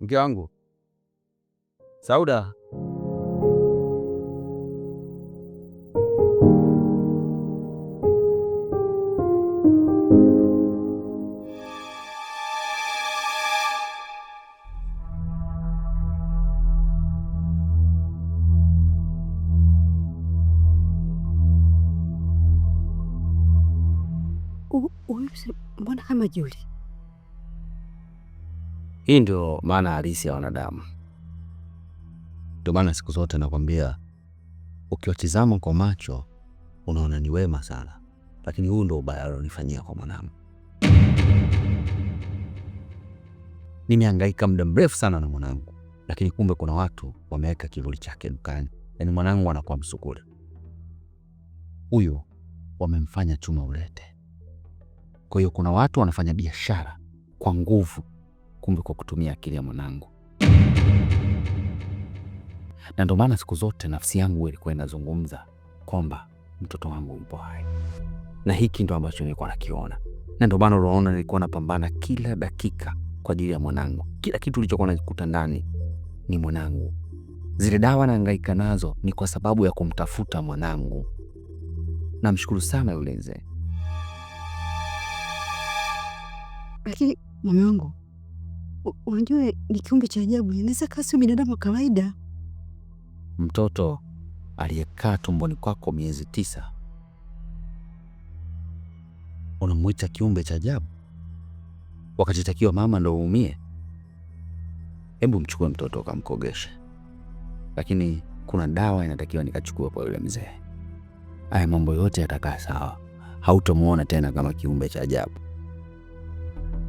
Mke wangu Sauda, kama Juli. Hii ndio maana halisi ya wanadamu. Ndio maana siku zote nakwambia, ukiwatizama kwa macho unaona ni wema sana, lakini huu ndio ubaya alionifanyia kwa mwanangu. Nimehangaika muda mrefu sana na mwanangu, lakini kumbe kuna watu wameweka kivuli chake dukani. Yaani mwanangu anakuwa msukule huyu, wamemfanya chuma ulete kwa hiyo kuna watu wanafanya biashara kwa nguvu, kumbe kwa kutumia akili ya mwanangu. Na ndio maana siku zote nafsi yangu ilikuwa inazungumza kwamba mtoto wangu mpo hai, na hiki ndo ambacho nilikuwa nakiona, na ndio maana unaona nilikuwa napambana kila dakika kwa ajili ya mwanangu. Kila kitu nilichokuwa nakikuta ndani ni mwanangu. Zile dawa naangaika nazo ni kwa sababu ya kumtafuta mwanangu. Namshukuru sana yule mzee. Lakini mume wangu, unajua ni kiumbe cha ajabu, inaweza kaa sio binadamu wa kawaida. Mtoto aliyekaa tumboni kwako miezi tisa unamwita kiumbe cha ajabu, wakati takiwa mama ndo uumie? Hebu mchukue mtoto ukamkogeshe, lakini kuna dawa inatakiwa nikachukua kwa yule mzee. Haya mambo yote yatakaa sawa, hautomwona tena kama kiumbe cha ajabu.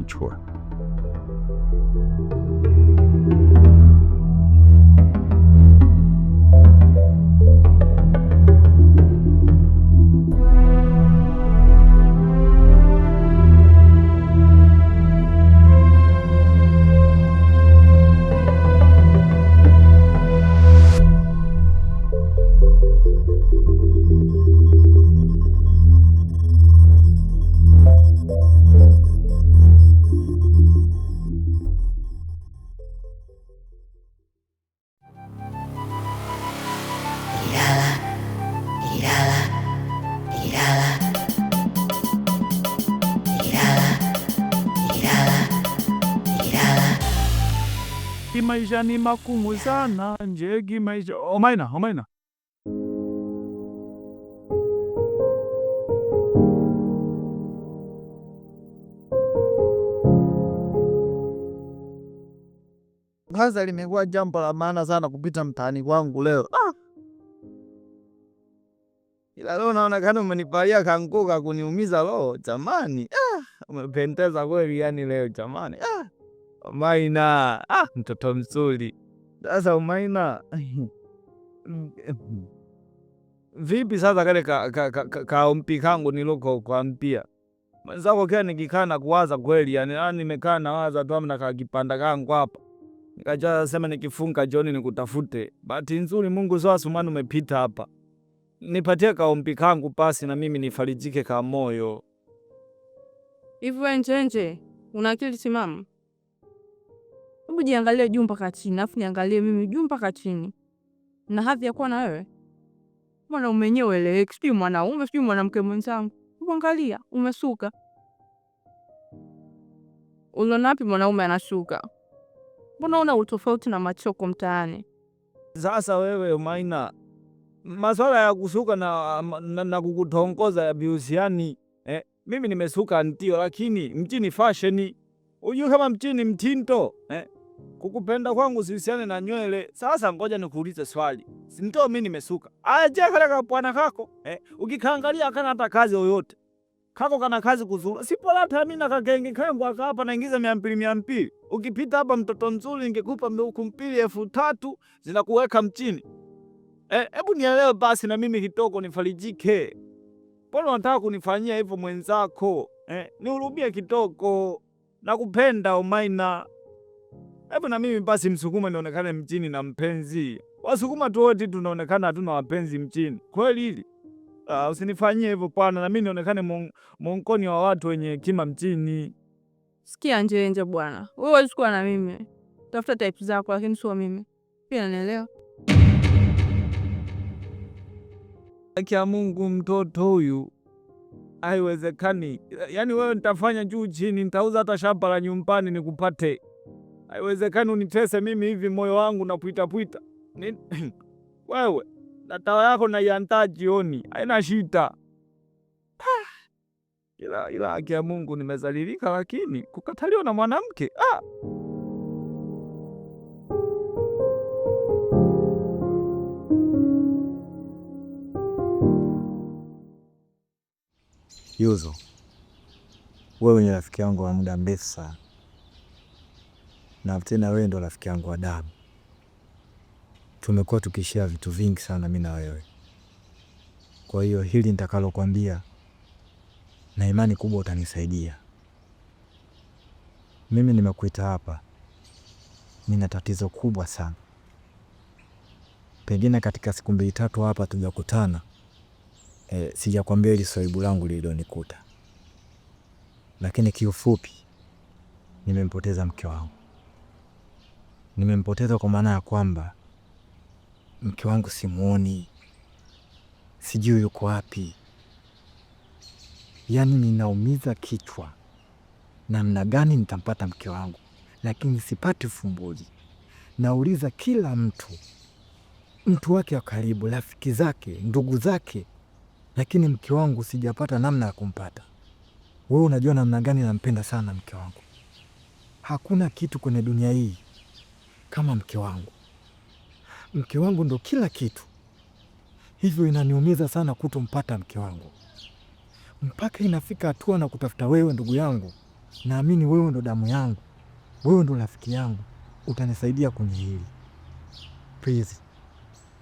mature maisha ni makumu sana, Njegi maisha omaina omaina kwanza limekuwa jambo la maana sana kupita mtaani kwangu leo ah. Ila leo naonekana umenipalia kanguka kuniumiza Loo jamani. Ah, umependeza kweli yani leo jamani ah. Maina, ah, mtoto mzuri. Sasa Umaina vipi sasa kale kaompi ka, ka, ka, kangu niloko kwampia mwenzako kia nikikaa na kuwaza kweli, yani yani ah, nimekaa na waza tu amna kakipanda kangu hapa, nikaja sema nikifunga jioni nikutafute. Bahati nzuri Mungu zoa sumani umepita hapa, nipatie kaompi kangu pasi na mimi nifarijike ka moyo. Hivi wewe Njenje, una akili timamu? hebu jiangalie juu mpaka chini, afu niangalie mimi juu mpaka chini, na hadhi ya kuwa na wewe. Mwanaume wenyewe ueleweki, sijui mwanaume sijui mwanamke mwenzangu. Angalia, umesuka. Uliona wapi mwanaume anashuka? Mbona una utofauti na machoko mtaani? Sasa wewe Maina, maswala ya kusuka na, na, na kukutongoza ya yabiusiani eh, mimi nimesuka ndio, lakini mtini fasheni huyu kama mtini mtinto eh, Kukupenda kwangu sihusiane na nywele. Sasa ngoja nikuulize swali, si simtoo mimi nimesuka aje kale kapwana kako eh? Ukikaangalia kana hata kazi yoyote, kako kana kazi kuzuru sipolata mimi na kagenge kangu aka hapa naingiza mia mbili mia mbili ukipita hapa mtoto mzuri ningekupa mbuku mpili elfu tatu zinakuweka mchini. Eh, hebu nielewe basi na mimi kitoko nifarijike. Mbona unataka kunifanyia hivyo mwenzako eh? Nihurumie kitoko, nakupenda Umaina. Hebu na mimi basi Msukuma nionekane mjini na mpenzi. Wasukuma tu wote tunaonekana hatuna wapenzi mjini. Kweli hili? Uh, usinifanyie hivyo pana, na mimi nionekane mwonkoni wa watu wenye hekima mjini. Sikia nje nje bwana. Wewe huwezi kuwa na mimi. Tafuta type zako lakini sio mimi. Pia naelewa. Haki ya Mungu, mtoto huyu haiwezekani. Yaani wewe nitafanya juu chini, nitauza hata shamba la nyumbani nikupate. Haiwezekani unitese mimi hivi, moyo wangu napwitapwita Ni... wewe natawa yako naiandaa jioni, haina shita. Ah! ila, ila haki ya Mungu nimezalilika, lakini kukataliwa na mwanamke ah! Yuzo, wewe ni rafiki yangu wa muda mrefu sana na tena wewe ndo rafiki yangu wa damu. Tumekuwa tukishia vitu vingi sana mimi na wewe, kwa hiyo hili nitakalokwambia na imani kubwa utanisaidia. Mimi nimekuita hapa, nina tatizo kubwa sana. Pengine katika siku mbili tatu hapa tujakutana, e, sijakwambia hili swaibu langu lililonikuta, lakini kiufupi nimempoteza mke wangu nimempoteza kwa maana ya kwamba mke wangu simuoni, sijui yuko wapi. Yaani ninaumiza kichwa namna gani nitampata mke wangu, lakini sipati ufumbuzi. Nauliza kila mtu, mtu wake wa karibu, rafiki zake, ndugu zake, lakini mke wangu sijapata namna ya kumpata. Wewe unajua namna gani nampenda sana mke wangu. Hakuna kitu kwenye dunia hii kama mke wangu. Mke wangu ndo kila kitu, hivyo inaniumiza sana kutompata mke wangu, mpaka inafika hatua na kutafuta wewe. Ndugu yangu, naamini wewe ndo damu yangu, wewe ndo rafiki yangu, utanisaidia kwenye hili please.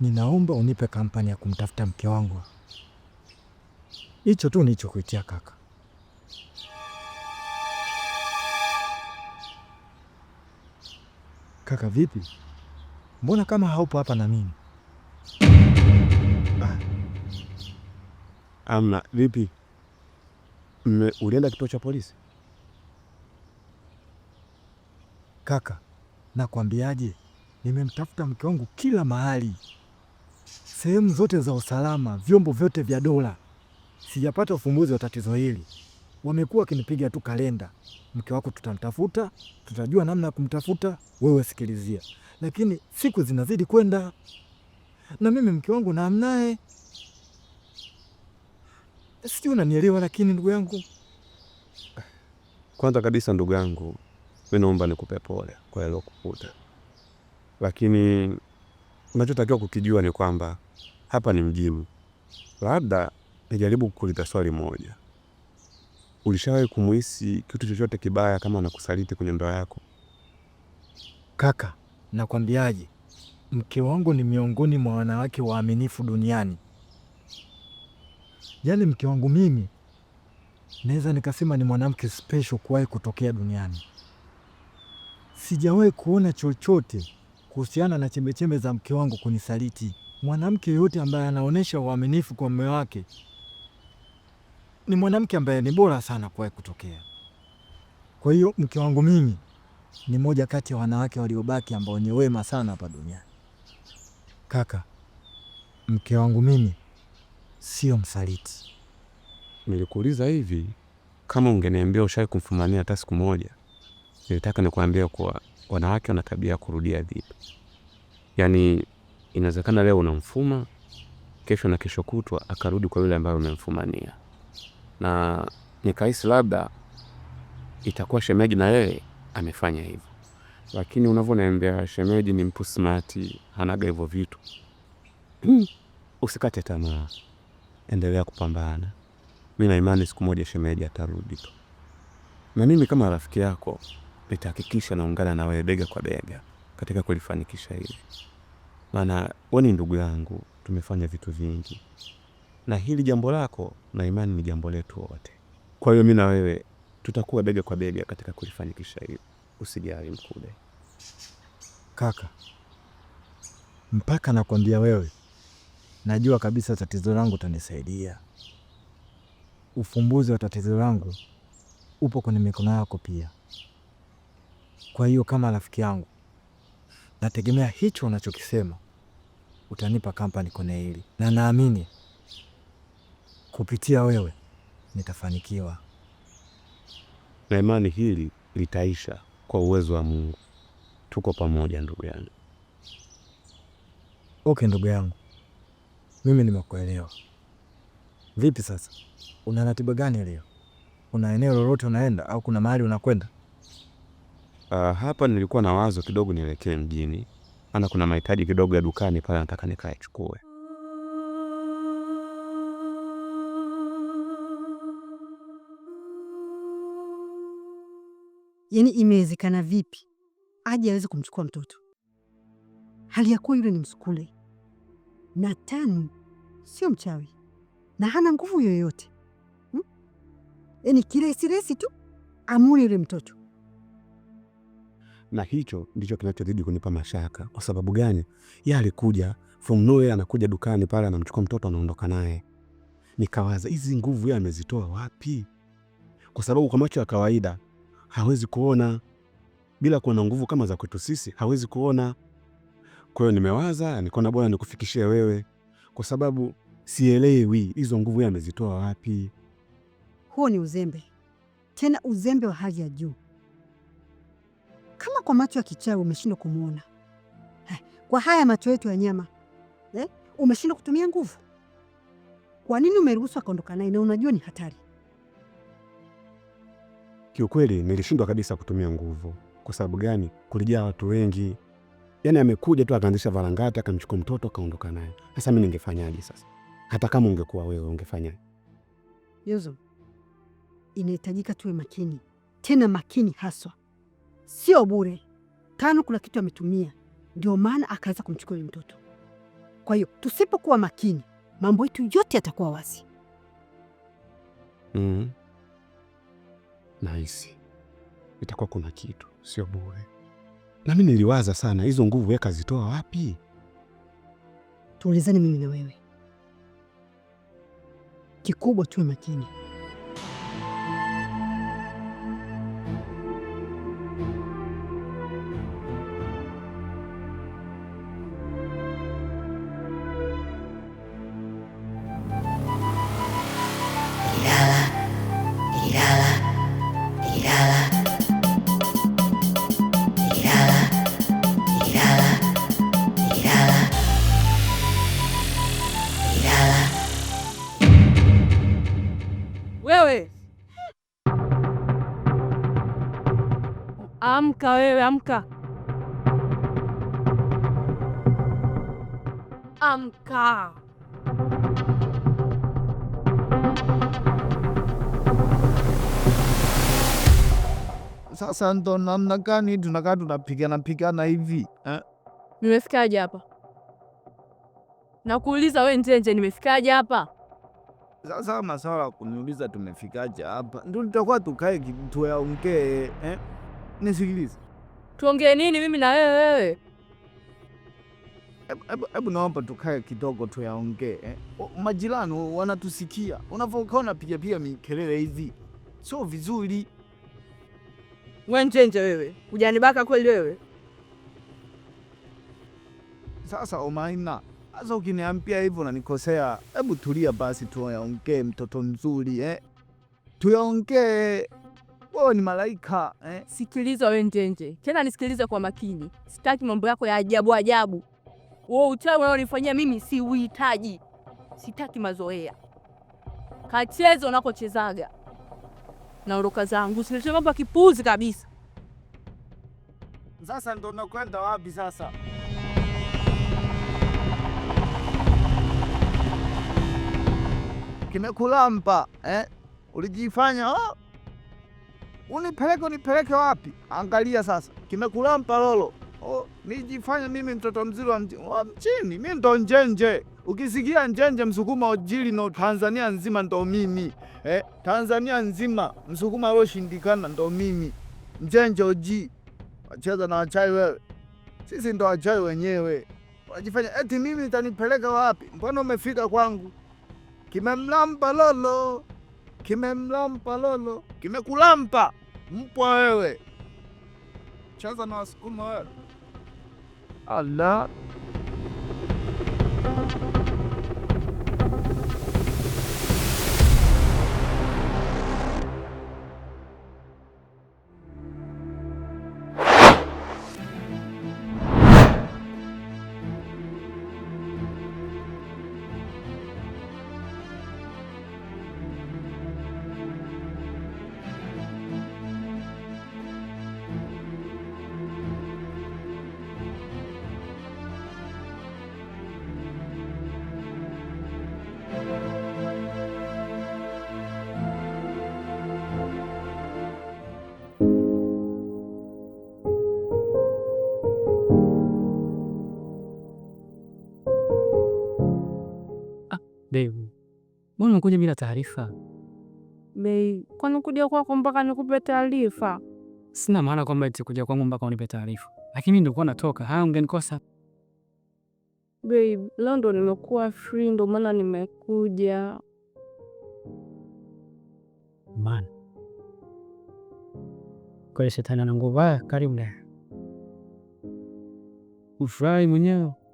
Ninaomba unipe kampani ya kumtafuta mke wangu. Hicho tu nilichokuitia kaka. Kaka vipi? Mbona kama haupo hapa na mimi? Ah. Amna, vipi? Ulienda kituo cha polisi? Kaka, nakwambiaje, nimemtafuta mke wangu kila mahali, sehemu zote za usalama, vyombo vyote vya dola, sijapata ufumbuzi wa tatizo hili wamekuwa wakinipiga tu kalenda, mke wako tutamtafuta, tutajua namna ya kumtafuta, wewe sikilizia. Lakini siku zinazidi kwenda na mimi mke wangu namnaye, sijui unanielewa. Lakini ndugu yangu, kwanza kabisa, ndugu yangu, mi naomba nikupe pole kwa yaliyokukuta, lakini unachotakiwa kukijua ni kwamba hapa ni mjini. Labda nijaribu kukuuliza swali moja Ulishawahi kumuhisi kitu chochote kibaya kama anakusaliti kwenye ndoa yako? Kaka, nakwambiaje, mke wangu ni miongoni mwa wanawake waaminifu duniani. Yaani mke wangu mimi naweza nikasema ni mwanamke special kuwahi kutokea duniani. Sijawahi kuona chochote kuhusiana na chembechembe za mke wangu kunisaliti. Mwanamke yoyote ambaye anaonyesha uaminifu kwa mume wake ni mwanamke ambaye ni bora sana kuwahi kutokea. Kwa hiyo mke wangu mimi ni moja kati ya wanawake waliobaki ambao ni wema sana hapa duniani. Kaka, mke wangu mimi sio msaliti. Nilikuuliza hivi kama ungeniambia ushawahi kumfumania hata siku moja. Nilitaka nikuambia kuwa wanawake wana tabia ya kurudia dhidi, yaani inawezekana leo unamfuma, kesho na kesho kutwa akarudi kwa yule ambaye umemfumania na nikahisi labda itakuwa shemeji na yeye amefanya hivyo, lakini unavyoniambia shemeji ni mtu smart, hanaga hivyo vitu. Usikate tamaa, endelea kupambana. Mi naimani siku moja shemeji atarudi tu, na mimi kama rafiki yako nitahakikisha naungana na wewe bega kwa bega katika kulifanikisha hili, maana we ni ndugu yangu, tumefanya vitu vingi na hili jambo lako na imani ni jambo letu wote. Kwa hiyo mi na wewe tutakuwa bega kwa bega katika kulifanikisha hili, usijali Mkude. Kaka, mpaka nakwambia wewe, najua kabisa tatizo langu utanisaidia. Ufumbuzi wa tatizo langu upo kwenye mikono yako pia. Kwa hiyo kama rafiki yangu, nategemea hicho unachokisema utanipa kampani kwenye hili, na naamini kupitia wewe nitafanikiwa, na imani hili litaisha kwa uwezo wa Mungu. Tuko pamoja ndugu yangu. Okay ndugu yangu, mimi nimekuelewa. Vipi sasa, una ratiba gani leo? una eneo lolote unaenda au kuna mahali unakwenda? Uh, hapa nilikuwa na wazo kidogo nielekee mjini, maana kuna mahitaji kidogo ya dukani pale nataka nikaichukue. Yaani imewezekana vipi aje aweze kumchukua mtoto hali ya kuwa yule ni msukule na tani, sio mchawi na hana nguvu yoyote hmm? Yaani kiresiresi tu amuri yule mtoto, na hicho ndicho kinachozidi kunipa mashaka. Kwa sababu gani? ya alikuja from nowhere, anakuja dukani pale, anamchukua mtoto, anaondoka naye. Nikawaza hizi nguvu yeye amezitoa wapi? Kwa sababu kwa macho ya kawaida hawezi kuona, bila kuwa na nguvu kama za kwetu sisi hawezi kuona. Kwa hiyo nimewaza, nikaona bora nikufikishie wewe, kwa sababu sielewi hizo nguvu yeye amezitoa wapi. Huo ni uzembe, tena uzembe wa hali ya juu. Kama kwa macho ya kichawi umeshindwa kumwona, eh, kwa haya macho yetu ya nyama eh, umeshindwa kutumia nguvu. Kwa nini umeruhusu akaondoka naye na unajua ni hatari? kiukweli nilishindwa kabisa kutumia nguvu. Kwa sababu gani? Kulijaa watu wengi, yani amekuja tu akaanzisha varangata, akamchukua mtoto akaondoka naye. Sasa mimi ningefanyaje? Sasa hata kama ungekuwa wewe ungefanyaje? Yozo, inahitajika tuwe makini, tena makini haswa, sio bure. Tano kuna kitu ametumia, ndio maana akaweza kumchukua yule mtoto. Kwa hiyo tusipokuwa makini, mambo yetu yote yatakuwa wazi. mm -hmm nahisi itakuwa kuna kitu sio bure. na mi niliwaza sana, hizo nguvu we kazitoa wapi? Tuulizane mimi na wewe, kikubwa tuwe makini. Amka wewe, amka, amka. Sasa ndo namna gani tunakaa tunapigana pigana hivi eh? Nimefikaje hapa? Nakuuliza we Njenje, nimefikaje hapa? Sasa masala kuniuliza tumefikaje hapa, ndio tutakuwa tukae tuyaongee eh? nisikilize, tuongee nini mimi na wewe? Wewe hebu naomba tukae kidogo tuyaongee eh? Majirani wanatusikia, unavoka unapiga pia mikelele hizi, sio vizuri. Wenjenje wewe, ujanibaka kweli wewe. Sasa Omaina, sasa ukiniambia hivyo nanikosea. Hebu tulia basi, tuyaongee mtoto mzuri eh? Tuyaongee wewe ni malaika eh? Sikiliza wewe Njenje, tena nisikilize kwa makini, sitaki mambo yako ya ajabu ajabu. Wewe uchawi unaonifanyia mimi si uhitaji, sitaki mazoea. kacheza unakochezaga na uroka zangu, usilete mambo ya kipuzi kabisa. Sasa ndo nakwenda wapi sasa? kimekulamba eh? Ulijifanya oh? unipeleke unipeleke wapi? Angalia sasa, kimekula lolo. Oh, nijifanya mimi mtoto mzuri wa mjini mimi ndo njenje. Ukisikia njenje, msukuma ojili na no, Tanzania nzima ndo mimi eh, Tanzania nzima msukuma shindikana ndo mimi njenje oji. Wacheza na wachai wewe, sisi ndo wachai wenyewe. Wajifanya eti mimi tanipeleka wapi? Mbona umefika kwangu? Kimemlamba lolo kimemlampa lolo, kimekulampa mpwa wewe. Chaza na wasukuma wewe. Allah Umekuja bila taarifa bei? Kwani kuja kwako mpaka nikupe taarifa? Sina maana kwamba eti kuja kwangu mpaka unipe taarifa, lakini nilikuwa natoka. Haya, ungenikosa Babe, Leo ndo nimekuwa free, ndo maana nimekuja Man, kwa shetani ana nguvu. Karibu ufurahi mwenyewe.